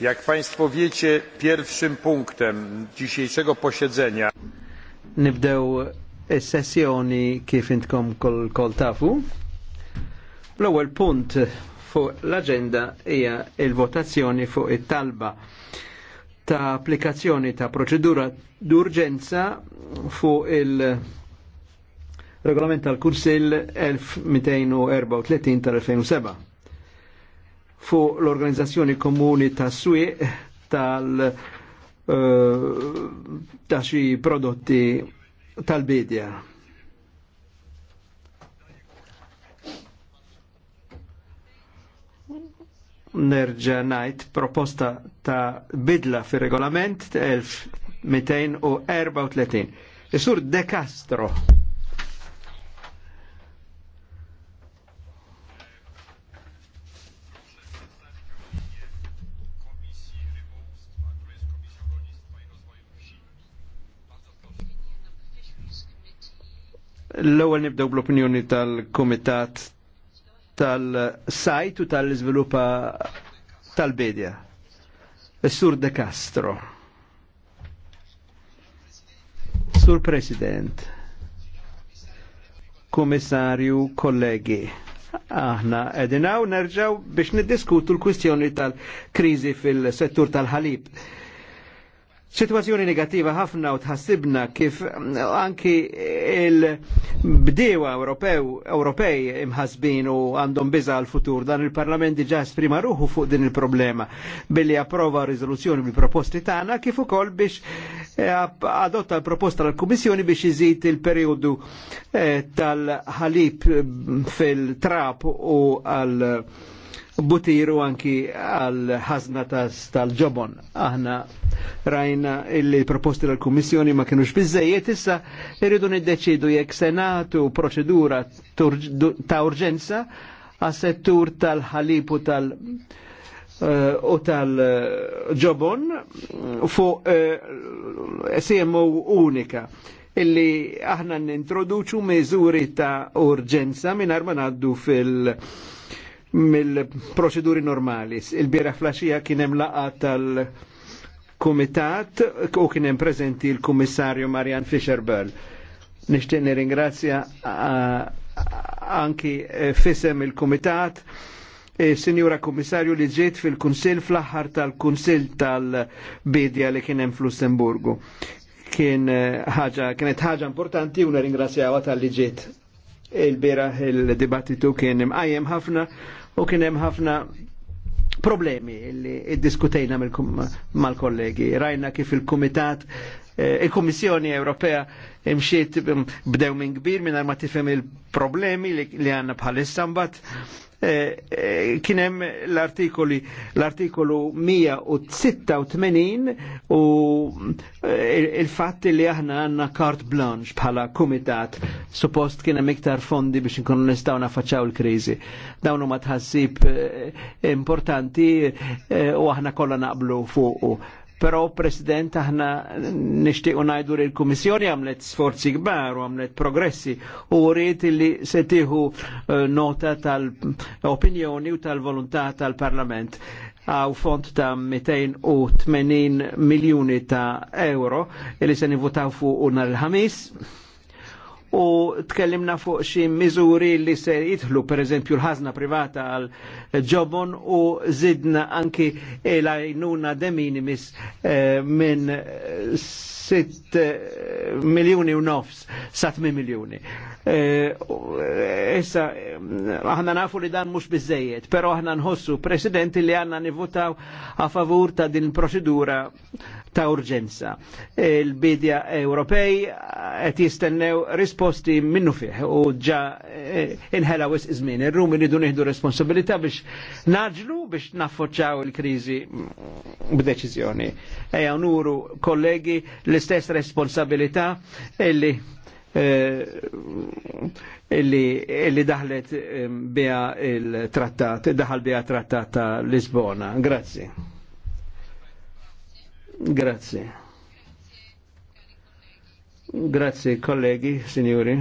Jak Państwo wiecie, pierwszym punktem dzisiejszego posiedzenia. Nibdew sessjoni kif intkom kol, kol tafu. L-ewwel punt fuq l-agenda hija il-votazzjoni fuq it-talba ta' applikazzjoni ta' proċedura d'urġenza fuq il- Regolament tal-Kursil 1234 tal-2007 fuq l-Organizzazzjoni Komuni ta' swi tal- eh, ta' xi prodotti tal-bidja. Nerġa' najt proposta ta' bidla fir-regolament 1234. Isur De Castro. L-ewwel nibdew bl-opinjoni tal-Kumitat tal-sajt u tal-iżviluppa tal-bedja. Sur De Castro. Sur President. Komissarju, kollegi. Aħna edinaw nerġaw biex niddiskutu l-kwistjoni tal-krizi fil-settur tal-ħalib. Situazzjoni negativa ħafna u tħassibna kif mm, anki il-bdewa Ewropew, Ewropej imħasbin u għandhom biza għal-futur. Dan il-Parlament diġa esprima ruħu fuq din il-problema billi approva rizoluzzjoni bil-proposti tagħna kif ukoll biex eh, adotta l-proposta tal-Kummissjoni biex iżid il-periodu eh, tal-ħalib mm, fil-trap u għal butiru anki għal ħazna tal-ġobon. Aħna rajna illi proposti tal-Kummissjoni ma kienux bizzejiet, issa irridu niddeċidu jekk senatu proċedura ta' urġenza għas-settur tal-ħalipu tal-, tal eh, u tal-ġobon fuq eh, CMO unika illi aħna nintroduċu meżuri ta' urġenza minn ma naddu fil- mill-proċeduri normali. Il-bira flasġija kienem laqa tal-Kumitat u kienem prezenti il-Kummissarju Marian Fischer-Böll. Nishtiqni ringrazzja anki eh, fisem il-Kumitat. E eh, Sinjura Kummissarju li ġiet fil-Kunsil fl-aħħar tal-Kunsil tal-Bidja li kienem fl-Lussemburgu. Kien eh, ħaġa, kienet ħaġa importanti u nirringrazzjawa tal-li ġiet. Il-bira il-dibattitu kien imqajjem ħafna u kien hemm ħafna problemi li iddiskutejna mal-kollegi. Rajna kif il-Kumitat eh, il-Kommissjoni Ewropea imxiet mm, bdew minn kbir minn ma tifhem il-problemi li għanna bħal mbagħad Eh, eh, kienem l-artikoli l-artikolu 186 u eh, il-fatti li aħna għanna kart blanche bħala komitat suppost kienem iktar fondi biex nkunu nistaw nafaċaw il-krizi. Dawnu ma tħassib importanti u aħna kollha naqblu fuq Pero, President, aħna nishtiqu najdu li l-Kummissjoni għamlet sforzi kbar u għamlet progressi u rrit li setiħu eh, nota tal-opinjoni u tal-volontà tal-Parlament għaw font ta' 280 miljoni ta' euro li se nivutaw fuq unar il-ħamis u tkellimna fuq xi miżuri li se jidħlu pereżempju l-ħażna privata għal ġobon u zidna anki l-għajnuna de minimis eh, minn 6 eh, miljoni u nofs sa 8 miljoni. Eh, issa, aħna nafu li dan mux bizzejiet, pero aħna nħossu presidenti li għanna nivutaw a favur ta' din procedura ta' urġenza. Il-bidja Ewropej qed jistennew risposta posti minnu fih u ġa eh, eh, inħela wis izmin. Ir-rum iridu nieħdu responsabilità biex naġlu biex naffoċċaw il-kriżi b'deċiżjoni. Ejja nuru kollegi l-istess responsabilità illi eh, illi daħlet ehm, bija il-trattat, daħal bija trattat ta' Lisbona. Grazzi. Grazie. Grazie kollegi, signori.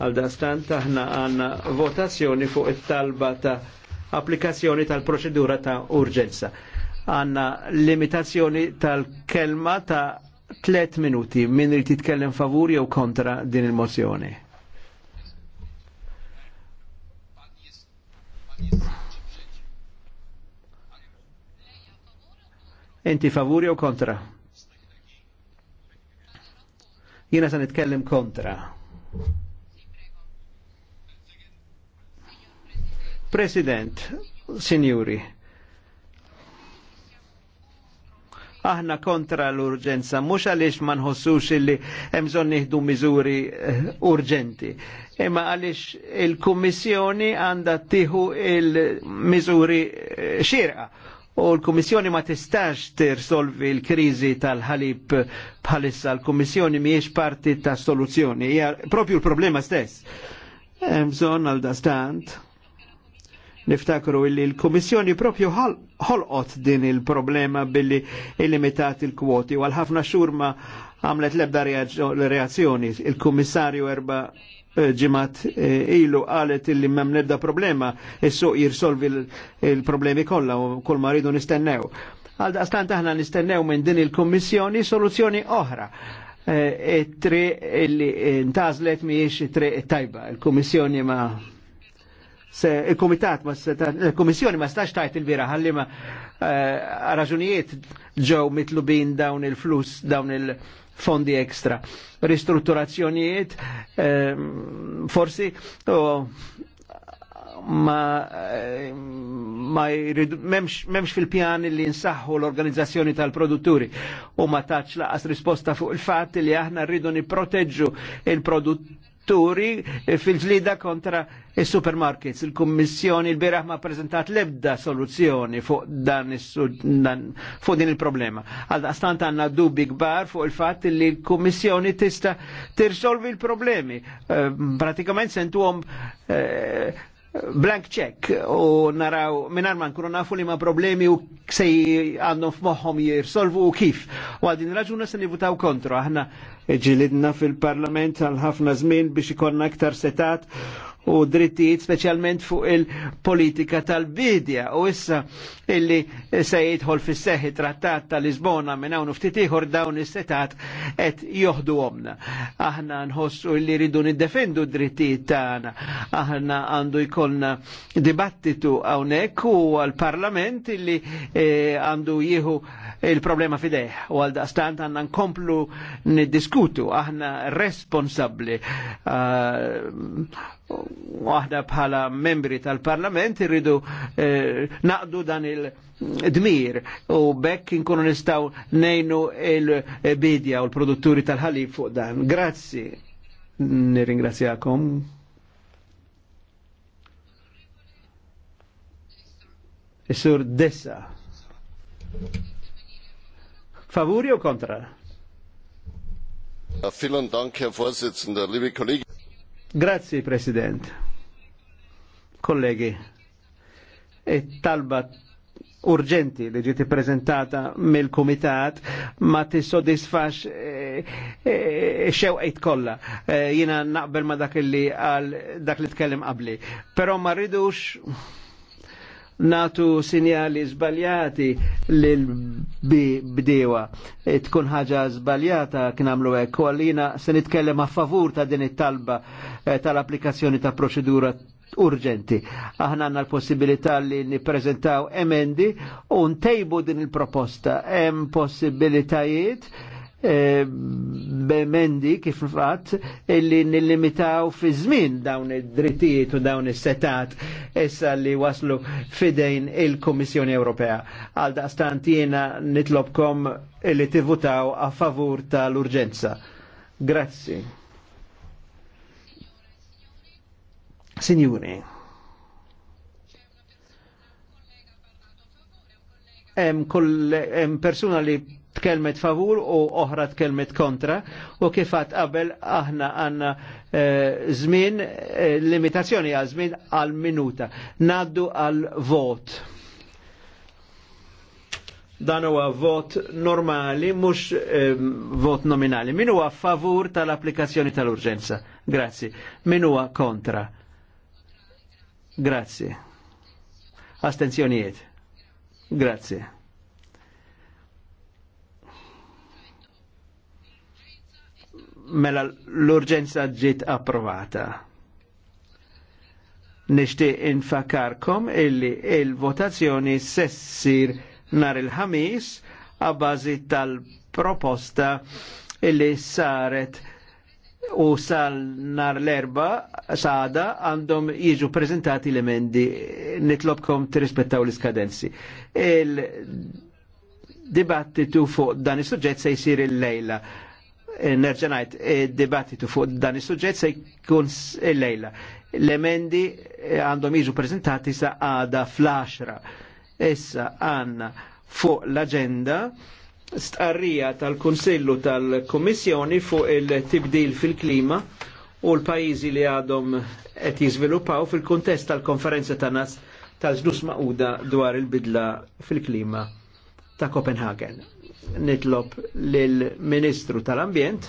Għal-dastan taħna għanna votazzjoni fuq it-talba ta' applikazzjoni tal-proċedura ta' urġenza. Għanna limitazzjoni tal-kelma ta' tlet minuti minn li titkellem favur jew kontra din il-mozzjoni. Enti favori o kontra? Jiena sa nitkellem kontra. President, Signori, aħna kontra l-urġenza, mux għalix ma nħossux illi emżon nieħdu miżuri eh, urġenti. Imma għalix il-Kummissjoni għanda tiħu il-miżuri eh, xirqa u l-Komissjoni ma tistax tirsolvi l-krizi tal-ħalib bħalissa l-Komissjoni miex parti ta' soluzzjoni, Ija propju l-problema stess. Hemm għal dastant niftakru illi l-Komissjoni propju ħolqot din il-problema billi il-limitat il kvoti u għal ħafna xurma għamlet lebda reazzjoni. Il-Kummissarju erba' ġimat e, ilu għalet illi mem nebda problema, jessu jirsolvi il-problemi kolla u kol maridu nistennew. Għalda għastan taħna nistennew minn din il-Kommissjoni soluzzjoni oħra. E, e, tri illi intazlet e, miex tri tajba, il-Kommissjoni ma se il-komitat, il-komissjoni ma stax tajt il-vira ħalli ma eh, raġunijiet ġew mitlubin dawn il-flus, dawn il-fondi ekstra. Ristrutturazzjonijiet, ehm, forsi, ma eh, ma memx, fil-pjan li nsaħħu l-organizzazzjoni tal-produtturi u ma taċ laqas risposta fuq il-fat li aħna rridu niproteġġu il-produtturi atturi fil-ġlida kontra il-supermarkets. Il-Kommissjoni il-biraħ ma prezentat lebda soluzzjoni fuq dan, fuq din il-problema. Għal-dastant għanna dubbi gbar fuq il-fat li l kommissjoni tista tirsolvi il-problemi. Eh, pratikament sentu għom eh, blank check u naraw minar man kunu nafu li ma problemi u ksej għandhom f'moħħom jirsolvu u kif. U għadin raġuna se nivutaw kontra. Aħna ġilidna fil-parlament għal ħafna żmien biex ikonna aktar setat u drittijiet speċjalment fuq il-politika tal-bidja u issa illi se jidħol fis seħi trattat tal-Lisbona minn hawn ftit ieħor dawn is-setat qed joħdu omna. Aħna nħossu illi ridu niddefendu d-drittijiet tagħna. Aħna għandu jkollna dibattitu hawnhekk u għall-Parlament illi e, għandu e, jieħu il-problema fideħ u għal daqstant għanna nkomplu niddiskutu aħna responsabli uh, ah, waħda bħala membri tal-parlament irridu eh, naqdu dan il-dmir u bekk inkunu nistaw nejnu il-bidja u l-produtturi tal ħalif fuq dan. Grazzi. Nirringrazzjakom. Isur Dessa. Favuri o kontra? Ja, vielen Dank, Herr Vorsitzender, liebe Kollegen. Grazie President. Kollegi, it-talba e urġenti li ġieti prezentata mill-Kumitat ma tissodisfax e, e, xewqejt kollha. Eh, naqbel ma dak li għal dak li tkellem qabli. Però ma rridux natu sinjali zbaljati l-bdewa. E, tkun ħaġa zbaljata kien għamlu hekk u għallina se nitkellem a favur ta' din it-talba e, tal-applikazzjoni ta' proċedura urġenti. Aħna għanna l-possibilità li niprezentaw emendi u ntejbu din il-proposta. Hemm possibilitajiet E, b'emendi kif fatt illi nillimitaw fi żmien dawn id-drittijiet u dawn is-setat issa li waslu fidejn il-Kummissjoni Ewropea. Għal daqstant jiena nitlobkom illi tivutaw a favur tal-urġenza. Grazzi. Signori. Em, em persuna li tkelmet favur u oħra tkelmet kontra u kifat qabel aħna għanna eh, żmien eh, limitazzjoni għal żmien għal minuta. Naddu għal vot. Dan huwa vot normali, mhux eh, vot nominali. Min huwa favur tal-applikazzjoni tal-urġenza? Grazzi. Min huwa kontra? Grazzi. Astenzjonijiet. Grazie. mela l-urġenza ġiet approvata. Nishtiq infakarkom illi il-votazzjoni sessir nar il-ħamis għabbażi tal-proposta illi saret u sal nar l-erba sada għandhom jiġu prezentati l-emendi nitlobkom t-rispettaw l-iskadenzi. Il-dibattitu fuq dan il-sujġet se jisir il-lejla nerġanajt eh, dibattitu fuq dan is-suġġett se jkun il-lejla. L-emendi eh, għandhom jiġu prezentati sa għada fl Issa għanna fuq l-agenda stqarrija tal-Konsillu tal-Kommissjoni fuq il-tibdil fil-klima u l-pajizi li għadhom qed jiżviluppaw fil-kuntest tal-konferenza ta' nas tal-ġnus maquda dwar il-bidla fil-klima ta' Kopenhagen nitlob lill-Ministru tal-Ambjent